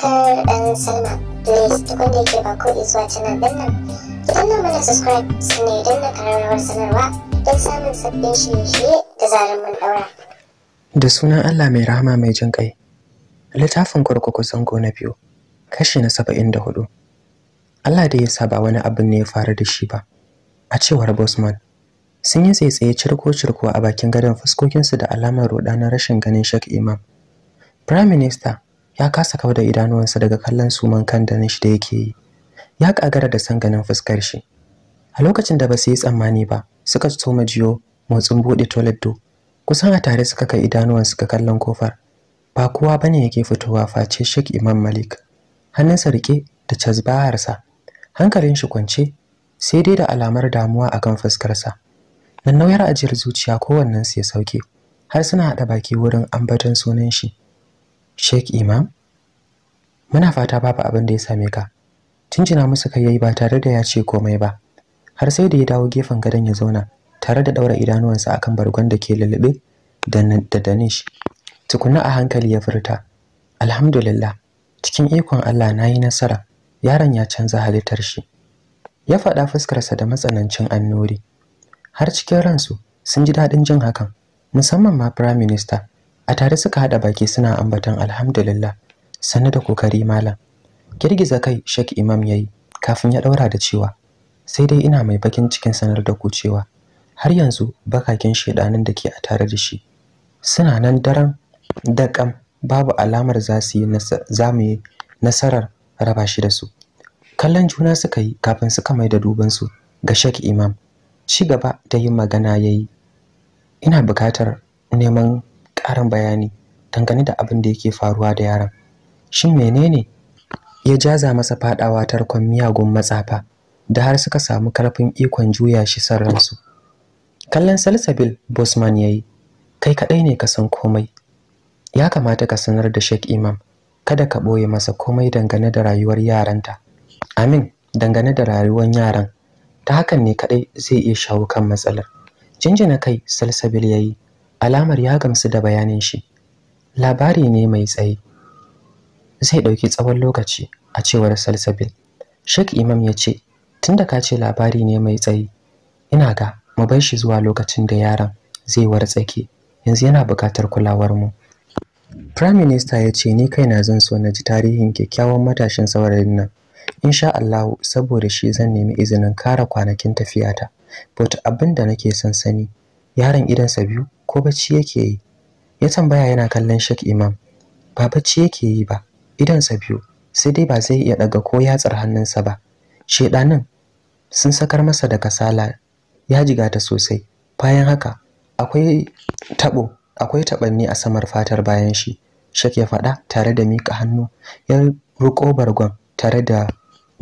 subscribe and sign up. Please da subscribe sanarwa don samun sabbin shirye-shirye da zarar Da sunan Allah mai rahama mai jin kai. Littafin kurkuku zango na biyu, kashi na saba'in da hudu. Allah da ya ba wani abin ne ya faru da shi ba. A cewar Bosman, sun yi tsaye-tsaye cirko-cirko a bakin gadon fuskokinsu da alamar roɗa na rashin ganin Sheikh Imam. Firaminista. ya kasa kau da idanuwansa daga kallon suman kan da shi da yake yi ya kagara da san ganin fuskar shi a lokacin da ba su yi tsammani ba suka soma majiyo motsin buɗe toilet do kusan a tare suka kai idanuwansu ga kallon kofar ba kowa bane yake fitowa face shek Imam Malik hannunsa rike da cazbaharsa hankalin shi kwance sai dai da alamar damuwa akan fuskarsa nan nauyar ajiyar zuciya kowannen ya sauke har suna hada baki wurin ambaton sunan shi Sheikh Imam? Muna fata babu abin da ya same ka. Tunjina musu kai yayi ba tare da ya ce komai ba. Har sai da ya dawo gefen gadon ya zauna tare da daura idanuwansa akan bargon da ke lulube da Danish. Tukunna a hankali ya furta. Alhamdulillah, cikin ikon Allah na yi nasara. Yaron ya canza halittar shi. Ya faɗa fuskarsa da matsanancin annori. Har cikin ransu sun ji daɗin jin hakan, musamman ma Prime Minister a tare suka haɗa baki suna ambaton alhamdulillah sannu da kokari malam girgiza kai shek imam yayi kafin ya ɗaura da cewa sai dai ina mai bakin cikin sanar da ku cewa har yanzu bakakin shedanin da ke a tare da shi suna nan daren da kam babu alamar za su yi zamu yi nasarar raba shi da su kallon juna suka yi kafin suka mai da duban su ga shek imam ci gaba da yin magana yayi ina bukatar neman ƙarin bayani dangane da abin da yake faruwa da yaron shin menene ya jaza masa faɗawa tarkon miyagun matsafa da har suka samu karfin ikon juya shi san ransu kallon salsabil bosman ya yi kai kaɗai ne ka san komai ya kamata ka sanar da Sheikh imam kada ka ɓoye masa komai dangane da rayuwar yaranta amin dangane da rayuwar yaran ta hakan ne kaɗai zai iya shawo kan matsalar jinjina kai salsabil ya yi alamar ya gamsu da bayanin shi labari ne mai tsayi zai ɗauki tsawon lokaci a cewar salsabil shek imam ya ce tunda ka ce labari ne mai tsayi ina ga mu bar shi zuwa lokacin da yaron zai wartsake yanzu yana buƙatar kulawar mu prime minister ya ce ni kaina zan so na ji tarihin kyakkyawan matashin saurayin nan insha Allah saboda shi zan nemi izinin kara kwanakin tafiyata but abin da nake son sani yaron idansa biyu ko bacci yake yi ya tambaya yana kallon shek Imam ba bacci yake yi ba idansa biyu sai dai ba zai iya daga ko yatsar hannunsa ba shedanin sun sakar masa da kasala ya jiga ta sosai bayan haka akwai tabo akwai tabanni a samar fatar bayan shi Shek ya faɗa tare da mika hannu ya ruko bargon tare da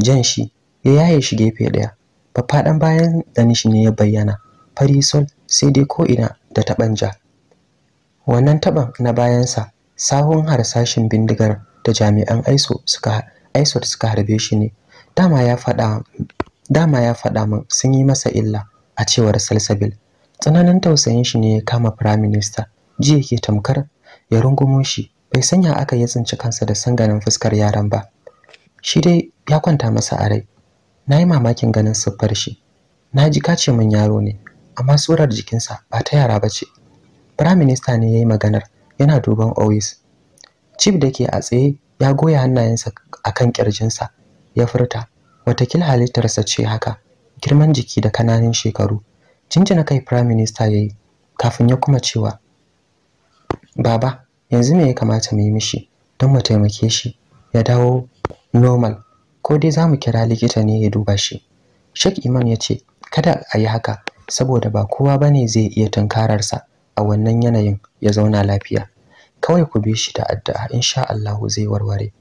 jan shi ya yaye shi gefe ɗaya faffaɗan bayan danishi ne ya bayyana farisol sai dai ko'ina da taɓanja wannan taɓan na bayansa sahun harsashin bindigar da jami'an aiso suka aisot suka harbe shi ne dama ya faɗa min sun yi masa illa a cewar salsabil tsananin tausayin shi ne ya kama prime minister ji yake tamkar ya rungumo shi bai sanya aka yi tsinci kansa da sanganin fuskar yaran ba shi dai ya kwanta masa a rai na yi mamakin ganin siffar shi na ji kace min yaro ne amma surar jikinsa ba ta yara ba ce Firaminista ne ya yi maganar yana duban Owis. Chief da ke a tsaye ya goya hannayensa a kan ƙirjinsa ya furta, watakila halittarsa ce haka, girman jiki da kananan shekaru. Jinjina kai firaminista ya yi, kafin ya kuma cewa, Baba, yanzu me ya kamata mu yi mishi don mu taimake shi ya dawo normal, ko dai za mu kira likita ne ya duba shi. Sheikh Iman ya ce, Kada a yi haka, saboda ba kowa ba ne zai iya tunkararsa a wannan yanayin ya zauna lafiya kawai ku bi shi da addu'a insha Allah zai warware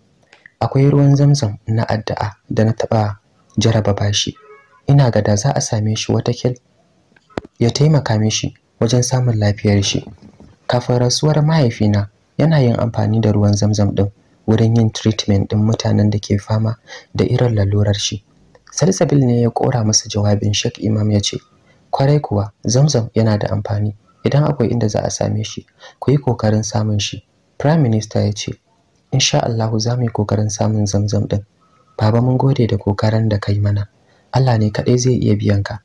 akwai ruwan zamzam na addu'a da na taba jaraba bashi ina ga da za a same shi wata watakil ya taimaka mishi wajen samun lafiyar shi kafin rasuwar mahaifina yana yin amfani da ruwan zamzam din wurin yin treatment din mutanen da ke fama da irin lalurar shi salsabil ne ya kora masa jawabin Sheikh Imam ya ce kwarai kuwa zamzam yana da amfani idan akwai inda za a same shi ku yi kokarin samun shi prime minister ya ce insha Allah za mu yi kokarin samun zamzam din baba mun gode da kokarin da kai mana Allah ne kaɗai zai iya biyan ka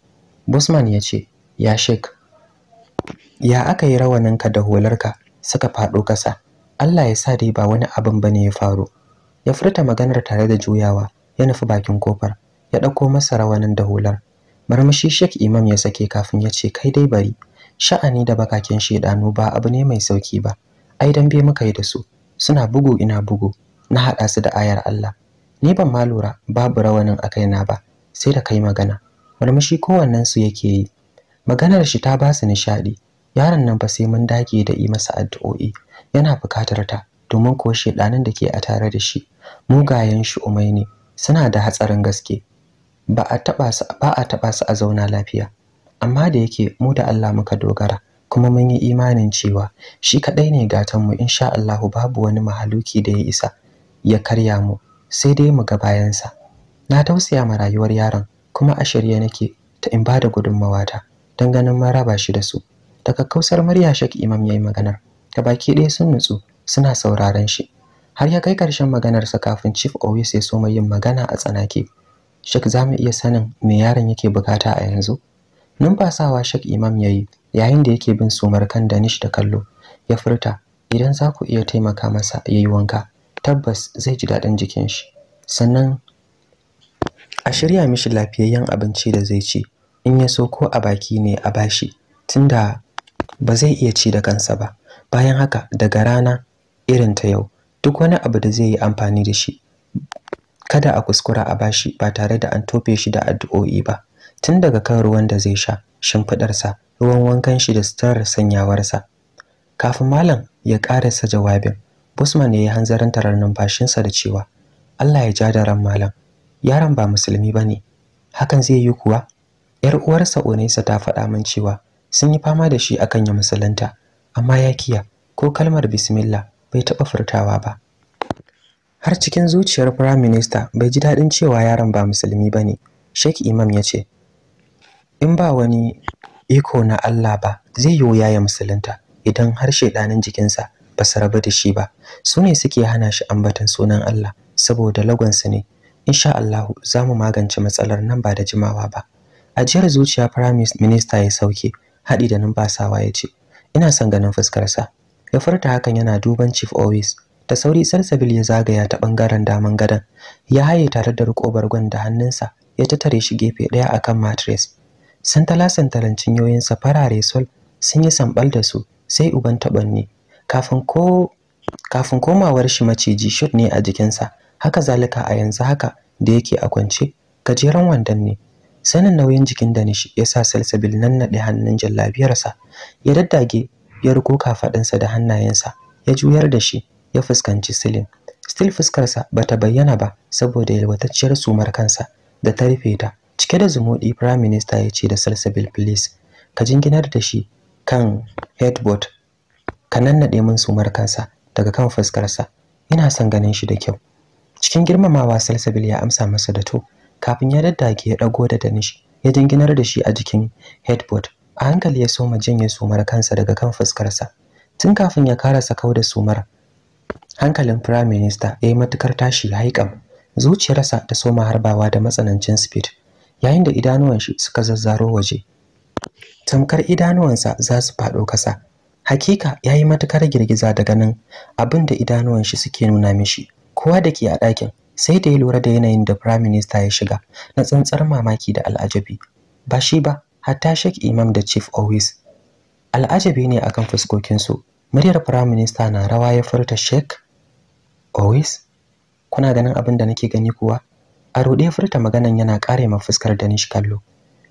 Bosman ya ce ya shek ya aka yi rawaninka da ka, suka faɗo ƙasa Allah ya sa dai ba wani abin bane ya faru ya furta maganar tare da juyawa ya nufi bakin kofar ya ɗauko masa rawanin da hular Marmashi Sheikh Imam ya sake kafin ya ce kai dai bari. Sha'ani da bakakin shedanu ba abu ne mai sauki ba. Ai dan be muka yi da su. Suna bugu ina bugu. Na hada su da ayar Allah. Ni ban ma lura babu rawanin a kaina ba. Sai da kai magana. Marmashi kowannen su yake yi. Maganar shi ta ba su nishadi. Yaron nan ba sai mun dage da yi masa addu'o'i. Yana bukatar ta domin ko shedanin da ke a tare da shi. Mugayen shi umai Suna da hatsarin gaske. ba a taɓa su a zauna lafiya amma da yake mu da Allah muka dogara kuma mun yi imanin cewa shi kaɗai ne gatan mu insha Allah babu wani mahaluki da ya isa ya karya mu sai dai mu ga bayansa na tausaya ma rayuwar yaron kuma a shirye nake ta in ba bada gudunmawata don ganin mun raba shi da su daga kausar murya shek imam yi maganar ta baki ɗaya sun nutsu suna sauraron shi har ya kai ƙarshen maganarsa kafin chief always ya so yin magana a tsanake Shek za mu iya sanin me yaron yake bukata a yanzu? Numfasawa Shek Imam yayi yayin da yake bin sumar kan Danish da kallo. Ya furta, idan za ku iya taimaka masa ya yi wanka, tabbas zai ji daɗin jikin shi. Sannan a shirya mishi lafiyayyen abinci da zai ci, in ya so ko a baki ne a bashi, tunda ba zai iya ci da kansa ba. Bayan haka daga rana irin ta yau, duk wani abu da zai yi amfani da shi kada a kuskura a bashi ba tare da an tofe shi da addu'o'i ba tun daga kan ruwan da zai sha shimfidarsa ruwan wankan shi da sutar sanyawarsa kafin malam ya karasa jawabin busman ya yi hanzarin tarar numfashinsa da cewa allah ya ja da ran malam yaron ba musulmi ba ne hakan zai yi kuwa yar uwarsa onesa ta faɗa min cewa sun yi fama da shi akan ya musulunta amma ya kiya ko kalmar bismillah bai taɓa furtawa ba har cikin zuciyar Prime Minister bai ji daɗin cewa yaron ba musulmi ba ne. Sheikh Imam ya ce, In ba wani iko na Allah ba, zai yi wuya ya musulunta idan har shaidanin jikinsa ba su rabu da shi ba. Su ne suke hana shi ambatan sunan Allah saboda lagonsu ne. Insha Allah za mu magance matsalar nan ba da jimawa ba. Ajiyar zuciya Prime Minister ya sauke, haɗi da numfasawa ya ce, Ina son ganin fuskarsa. Ya furta hakan yana duban Chief Owis da sauri salsabil ya zagaya ta bangaren daman gadon ya haye tare da riko bargon da hannunsa ya tattare shi gefe daya akan mattress santala santalan sa farare sol sun yi sambal da su sai uban tabanni kafin ko kafin komawar shi maciji shot ne a jikinsa haka zalika a yanzu haka da yake a kwance gajeren wandan ne sanin nauyin jikin da nishi ya sa salsabil nan naɗe hannun jallabiyarsa ya daddage ya riko kafaɗinsa da hannayensa ya juyar da shi ya fuskanci silin still fuskarsa bata bayyana ba saboda yalwatacciyar sumar kansa da ta rufe ta cike da zumuɗi prime minister ya ce da salsabil police ka jinginar da shi kan headboard ka nannaɗe min sumar kansa daga kan fuskarsa ina son ganin shi da kyau cikin girmamawa salsabil ya amsa masa da to kafin ya daddage ya ɗago da danish ya jinginar da shi a jikin headboard a hankali ya soma janye sumar kansa daga kan fuskarsa tun kafin ya karasa kau da sumar hankalin prime minister ya yi matukar tashi ya haikam zuciyarsa ta soma harbawa da matsanancin speed yayin da idanuwan shi suka zazzaro waje tamkar idanuwansa za su faɗo ƙasa hakika ya yi matukar girgiza daga nan, abin da idanuwan shi suke nuna mishi kowa da ke a ɗakin sai da ya lura da yanayin da prime minister ya shiga na tsantsar mamaki da al'ajabi ba shi ba hatta shek imam da chief always al'ajabi ne akan fuskokinsu muryar prime minister na rawa ya furta shek always kuna ganin abin da nake gani kuwa a rude, furta maganan yana kare ma fuskar da nishi kallo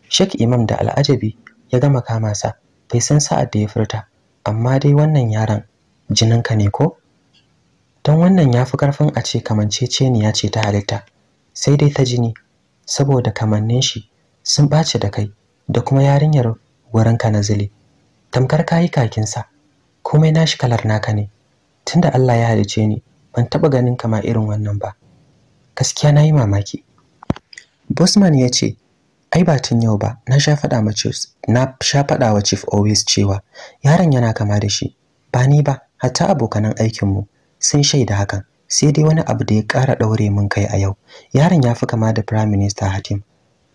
Sheikh imam da al'ajabi ya gama kama sa bai san sa'ad da ya furta amma dai wannan yaron jininka ne ko dan wannan yafi karfin a ce kamanceceniya ce ta halitta sai dai ta jini saboda kamannin shi sun bace da kai da kuma yarinyar ka na zile tamkar kayi kakinsa komai nashi kalar naka ne tunda Allah ya halice ni ban taɓa ganin kama irin wannan ba gaskiya na yi mamaki bosman ya ce ai ba tun yau ba na sha faɗa ma na sha faɗa wa chief always cewa yaron yana kama da shi ba ni ba hatta abokanan aikinmu sun shaida hakan sai dai wani abu da ya ƙara ɗaure mun kai a yau yaron ya fi kama da prime minister hatim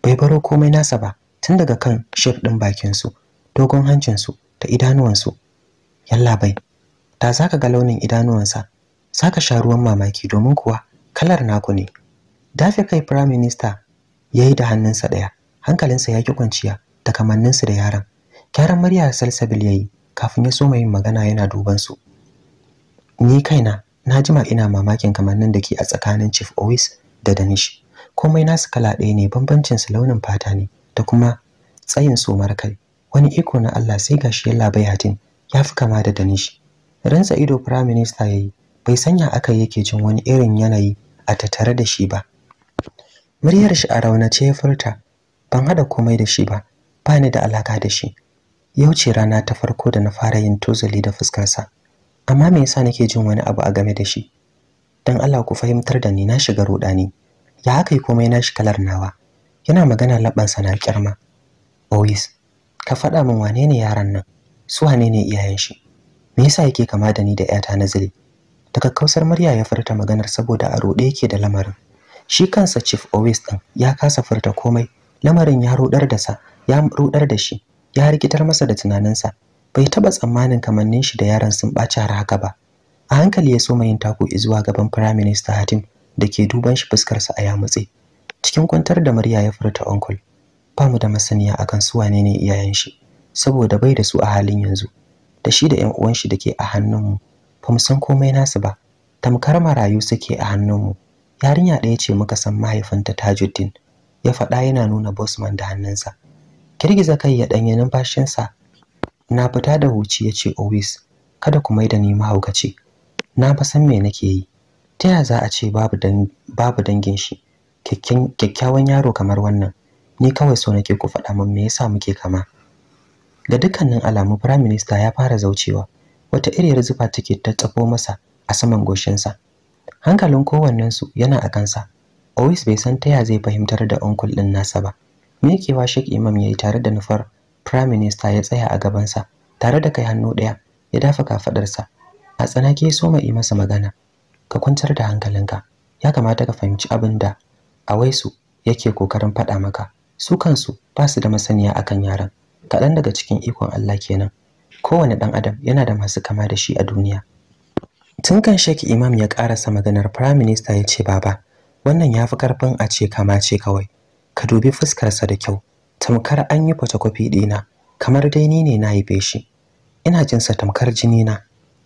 bai baro komai nasa ba tun daga kan shef ɗin bakinsu dogon hancinsu da idanuwansu yalla bai ta zaka ga launin idanuwansa saka sha ruwan mamaki domin kuwa kalar naku ne dafe kai prime minister yayi da hannunsa daya hankalinsa ya ki kwanciya da kamanninsu da yaran gyaran murya salsabil yayi kafin ya soma yin magana yana duban su ni kaina na jima ina mamakin kamannin da ke a tsakanin chief ois da danish komai nasu kala ɗaya ne bambancin su launin fata ne da kuma tsayin su kai wani iko na Allah sai gashi ya labai hatin ya fi kama da danish rantsa ido prime minister yayi bai sanya aka yake jin wani irin yanayi a tattare da shi ba muryar shi a raunace ya furta ban hada komai da shi ba ba ni da alaka da shi yau ce rana ta farko da na fara yin tozali da fuskarsa amma me yasa nake jin wani abu a game da shi dan Allah ku fahimtar da ni na shiga rudani ya haka yi komai na shi kalar nawa yana magana labansa na kirma. always ka faɗa min wane ne yaran nan su wane ne iyayen shi me yasa yake kama da ni da 'yata na zile? Daga kausar murya ya furta maganar saboda a rode yake da lamarin shi kansa chief always din ya kasa furta komai lamarin ya rudar da sa ya rudar da shi ya rikitar masa da tunaninsa bai taba tsammanin kamannin shi da yaran sun ɓaci har haka ba a hankali ya so soma yin taku zuwa gaban prime minister Hatim da ke duban shi fuskar sa a yamutse cikin kwantar da murya ya furta uncle ba mu da masaniya akan su wane ne iyayen shi saboda bai da su a halin yanzu da shi da 'yan uwan shi dake a hannunmu ba mu san komai nasu ba tamkar marayu suke a hannunmu yarinya ɗaya ce muka san mahaifinta tajuddin ya faɗa yana nuna bosman da hannunsa girgiza kai ya ɗanye numfashinsa na fita da huci ya ce always kada ku mai da ni mahaukaci na fa san me nake yi ta ya za a ce babu dangin shi kyakkyawan yaro kamar wannan ni kawai so nake ku faɗa min me yasa muke kama ga dukkanin alamu prime minister ya fara zaucewa wata iriyar zufa take ta tsafo masa a saman goshinsa hankalin kowannensu yana a kansa always bai san taya zai fahimtar da uncle ɗin nasa ba Me mikewa Sheikh Imam ya yi tare da nufar Prime Minister ya tsaya a gabansa tare da kai hannu ɗaya ya dafa kafadarsa a tsanake so mai masa magana ka kwantar da hankalinka ya kamata ka fahimci abin da a waisu yake kokarin faɗa maka su kansu ba su da masaniya akan yaran kaɗan daga cikin ikon Allah kenan kowane ɗan adam yana da masu kama da shi a duniya tun kan shek Imam ya karasa maganar Prime Minister ya ce baba wannan ya fi karfin a ce kama ce kawai ka dubi fuskarsa da kyau tamkar an yi photocopy dina kamar dai ni ne na haife shi ina jin sa tamkar jini na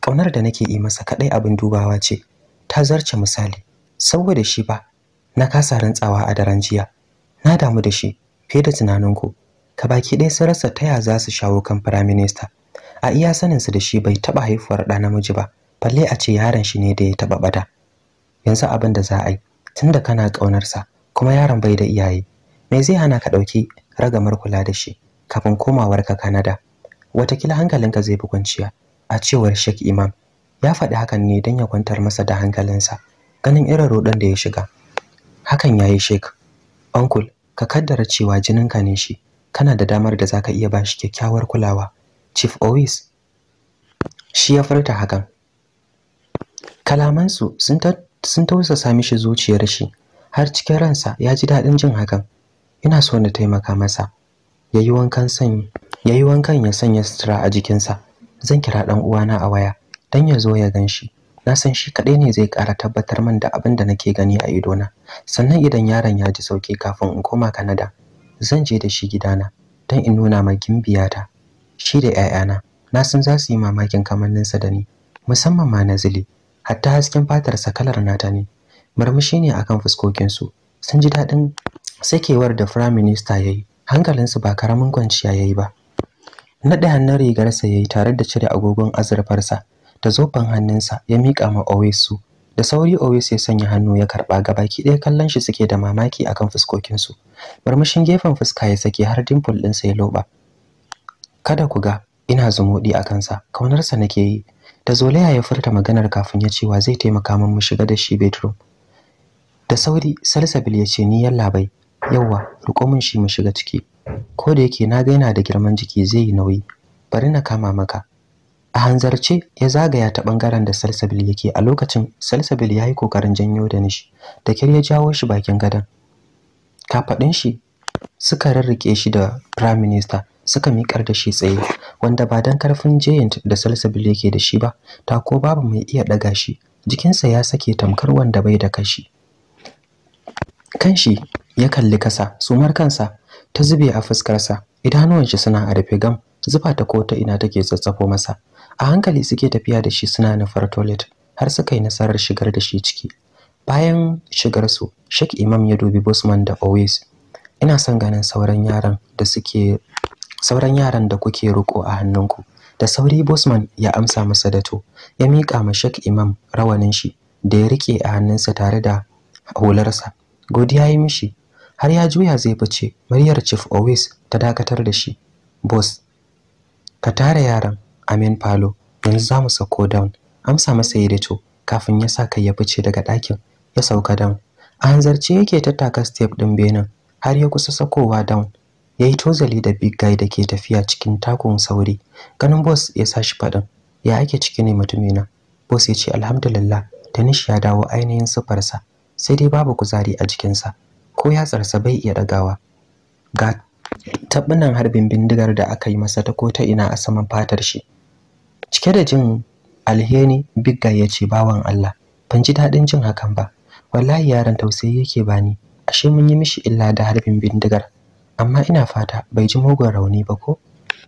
kaunar da nake yi masa kadai abin dubawa ce ta zarce misali saboda shi ba na kasa rantsawa a daren jiya na damu da shi fiye da tunaninku ka baki ɗaya sun rasa taya za su shawo kan firaminista. a iya su da shi bai taɓa haifuwar ɗa namiji ba balle a ce yaron shi ne da ya taɓa bada yanzu abin da za a yi tunda kana ƙaunarsa kuma yaron bai da iyaye me zai hana ka ɗauki ragamar kula da shi kafin komawar komawarka Canada watakila hankalinka zai fi kwanciya a cewar Sheikh Imam ya faɗi hakan ne don ya kwantar masa da hankalinsa ganin irin roɗon da ya shiga hakan ya yi shek. uncle ka kaddara cewa jininka ne shi kana da damar da zaka iya bashi kyakkyawar kulawa Chief Owis shi ya furta hakan kalamansu sun sun tausasa mishi zuciyar shi har cikin ransa ya ji dadin jin hakan ina so na taimaka masa yayi wankan san yayi wankan ya sanya sutura a jikinsa zan kira dan uwana a waya dan ya zo ya gan shi na san shi kaɗai ne zai ƙara tabbatar min da abin da nake gani a idona sannan idan yaron ya ji sauki kafin in koma Canada zan je da shi gidana dan in nuna ma ta. shi da 'ya'yana na san za su yi mamakin kamanninsa da ni musamman ma na zili hatta hasken fatarsa kalar nata ne murmushi ne akan fuskokinsu sun ji daɗin sakewar da firayim minista ya yi hankalinsu ba karamin kwanciya ya yi ba naɗe hannun rigarsa ya yi tare da cire agogon azurfarsa da zofan hannunsa ya miƙa ma owesu da sauri owesu ya sanya hannu ya karɓa gabaki ɗaya kallon shi suke da mamaki akan fuskokinsu murmushin gefen fuska ya sake har dimple ɗinsa ya loɓa kada ku ga ina zumuɗi a kansa kaunarsa nake yi da zolaya ya furta maganar kafin ya cewa zai taimaka min mu shiga da shi bedroom da sauri salsabil ya ce ni yalla bai yawa riko min shi mu shiga ciki ko da yake na ga yana da girman jiki zai yi nauyi bari na kama maka a hanzarce ya zagaya ta bangaren da salsabil yake a lokacin salsabil ya yi kokarin janyo da nishi da kyar ya jawo shi bakin gadon kafaɗin shi suka rarrike shi da prime minister suka miƙar da shi tsaye wanda ba dan karfin giant da salsabil yake da shi ba ta ko babu mai iya daga shi jikinsa ya sake tamkar wanda bai da kashi kanshi ya kalli kasa sumar kansa ta zube a fuskarsa idanuwan shi suna a rufe gam zufa ta kota ina take tsatsafo masa a hankali suke tafiya da shi suna nufar toilet har suka yi nasarar shigar da shi ciki bayan shigar su shek Imam ya dubi Bosman da Always ina son ganin sauran yaran da suke sauran yaran da kuke riko a hannunku da sauri bosman ya amsa masa da to ya miƙa ma shek imam rawanin shi da ya rike a hannunsa tare da hularsa godiya yi mishi har ya juya zai fice muryar chief always ta dakatar da shi boss ka tare yaran amin palo yanzu zamu mu sako down amsa masa ya to kafin ya sa kai ya fice daga ɗakin ya sauka down a hanzarce yake tattaka step ɗin benin har ya kusa sakowa down ya yi tozali da big guy da ke tafiya cikin takun sauri ganin boss ya sa shi faɗin ya ake ciki ne mutumina boss ya ce alhamdulillah tanish ya dawo ainihin sifarsa sai dai babu kuzari a jikinsa ko yatsarsa bai iya ɗagawa ga tabbunan harbin bindigar da aka yi masa ta ko ta ina a saman fatar shi cike da jin alheri big guy ya ce bawan allah ban ji daɗin jin hakan ba wallahi yaron tausayi yake bani ashe mun yi mishi illa da harbin bindigar amma ina fata bai ji mugun rauni ba ko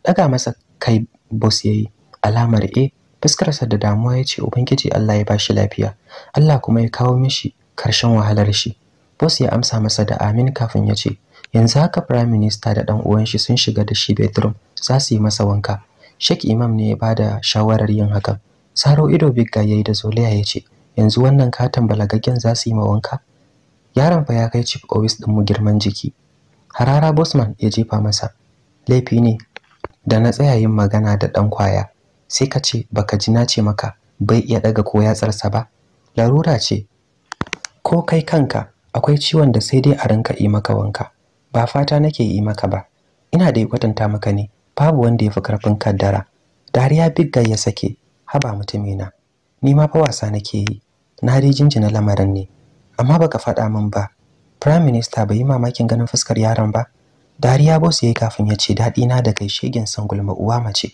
daga masa kai bos ya yi. alamar A. Eh, fuskarsa da damuwa ya ce ubangiji Allah ya bashi lafiya Allah kuma ya kawo mishi karshen wahalar shi Bos ya amsa masa da amin kafin ya ce yanzu haka prime minister da ɗan uwan shi sun shiga da shi bedroom za su yi masa wanka Sheikh Imam ne ya ba da shawarar yin hakan Saro ido bigga yi da zoliya ya ce yanzu wannan katon balagaggen za su yi ma wanka yaron fa ya kai chief ofis din mu girman jiki harara bosman ya jefa masa laifi ne da na tsaya yin magana da ɗan kwaya sai ka ce baka ji na ce maka bai iya ɗaga ko yatsarsa ba larura ce ko kai kanka akwai ciwon da sai dai a rinka yi maka wanka ba fata nake yi maka ba ina da kwatanta maka ne babu wanda ya fi karfin kaddara dariya bigga ya sake haba mutumina ni ma fa wasa nake yi na rijinji na lamarin ne amma baka faɗa min ba Prime Minister bai yi mamakin ganin fuskar yaron ba. Dariya boss yayi kafin ya ce daɗi na da kai shegen san gulma uwa mace.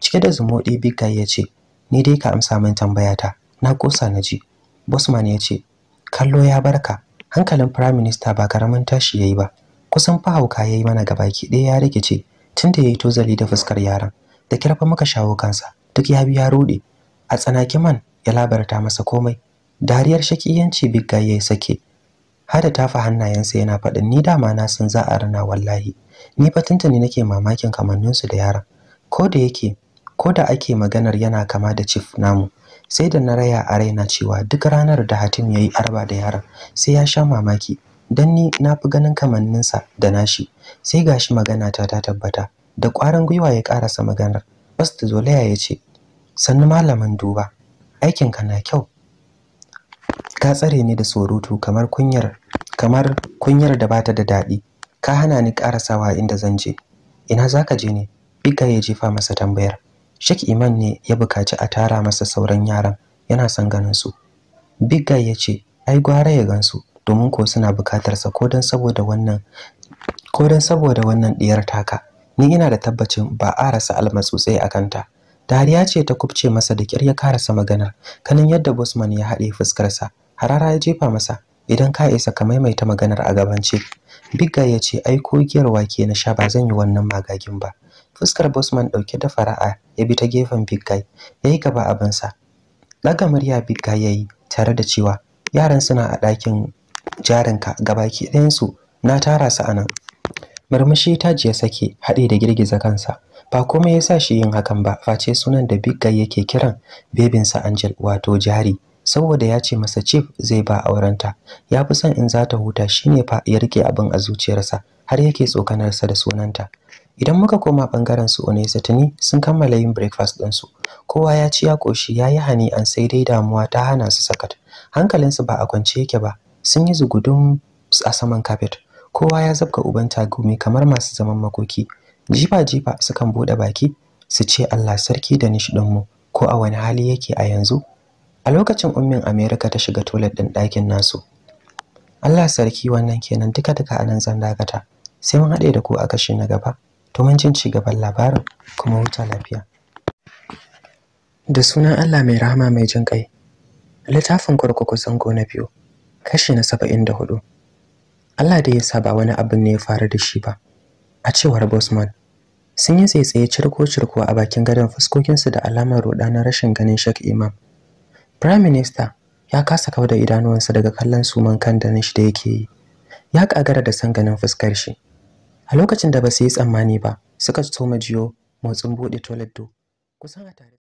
Cike da zumodi Big Guy ya ce, "Ni dai ka amsa min tambayata." Na kosa na ji. Bossman ya ce, "Kallo ya barka." Hankalin Prime Minister ba karamin tashi yayi ba. Kusan fa hauka yayi mana gabaki ɗaya ya rikice tunda yayi tozali da fuskar yaron. Da kirfa muka shawo kansa, duk ya biya rude. A tsanaki man ya labarta masa komai. Dariyar shakiyanci Big Guy ya sake. Hada da tafa hannayensa yana faɗin ni dama na san za a rana wallahi ni fa tuntuni nake mamakin su da yaran ko da yake ko da ake maganar yana kama da chief namu sai da na raya a raina cewa duk ranar da hatim yayi yi arba da yaran sai ya sha mamaki dan ni na fi ganin kamanninsa da nashi sai gashi magana ta ta tabbata da ƙwarin gwiwa ya sa maganar Bas ta Zolaya ya ce, Sannu malamin duba, aikinka na kyau, ka tsare ni da surutu kamar kunyar kamar kunyar da bata da daɗi ka hana ni karasawa inda zan je ina zaka je ne bigga ya jefa masa tambayar Sheikh Iman ne ya bukaci a tara masa sauran yaran yana son ganin su bigga ya ce ai gwara ya gansu domin ko suna bukatar sa ko dan saboda wannan ko dan saboda wannan diyar taka ni ina da tabbacin ba a rasa almatsutsai a kanta dariya ce ta kubce masa da kyar ya karasa maganar kanin yadda bosman ya haɗe fuskarsa harara ya jefa masa idan ka isa ka maimaita maganar a gabance bigga ya ce ai ko giyarwa ke na sha ba zan yi wannan magagin ba fuskar bosman ɗauke da fara'a ya bi ta gefen bigga ya yi gaba abinsa ɗaga murya bigga ya yi tare da cewa yaran suna a ɗakin jarinka gabaki ɗayansu na tara su a nan murmushi ta jiya sake haɗe da girgiza kansa ba komai ya sa shi yin hakan ba face sunan da bigga yake kiran bebinsa angel wato jari saboda ya ce masa chief zai ba aurenta ya fi son in za ta huta shine fa ya rike abin a zuciyarsa har yake tsokanarsa da sunanta idan muka koma bangaren su Onesa tuni sun kammala yin breakfast ɗinsu kowa ya ci ya ƙoshi ya yi hani an sai dai damuwa ta hana su sakat hankalinsu ba a kwance yake ba sun yi zugudun a saman kafet kowa ya zabka uban tagumi kamar masu zaman makoki jifa jifa sukan buɗe baki su ce Allah sarki da nishi mu ko a wani hali yake a yanzu a lokacin ummin Amerika ta shiga toilet ɗin ɗakin nasu Allah sarki wannan kenan duka duka a nan zan dakata sai mun haɗe da ku a kashi na gaba to mun jin ci gaban labarin kuma huta lafiya da sunan Allah mai rahama mai jin kai littafin kurkuku zango na biyu kashi na saba'in da hudu Allah da ya sa ba wani abin ne ya faru da shi ba a cewar Bosman sun yi tsaye tsaye cirko-cirko a bakin gadon fuskokinsu da alamar ruɗa na rashin ganin Sheikh Imam Prime Minister ya kasa kawo da idanuwansa daga kallon suman kan da shi da yake yi. Ya kagara da sanganin fuskar shi. A lokacin da ba su yi tsammani ba, suka tsoma jiyo motsin buɗe toilet do. Kusan a tare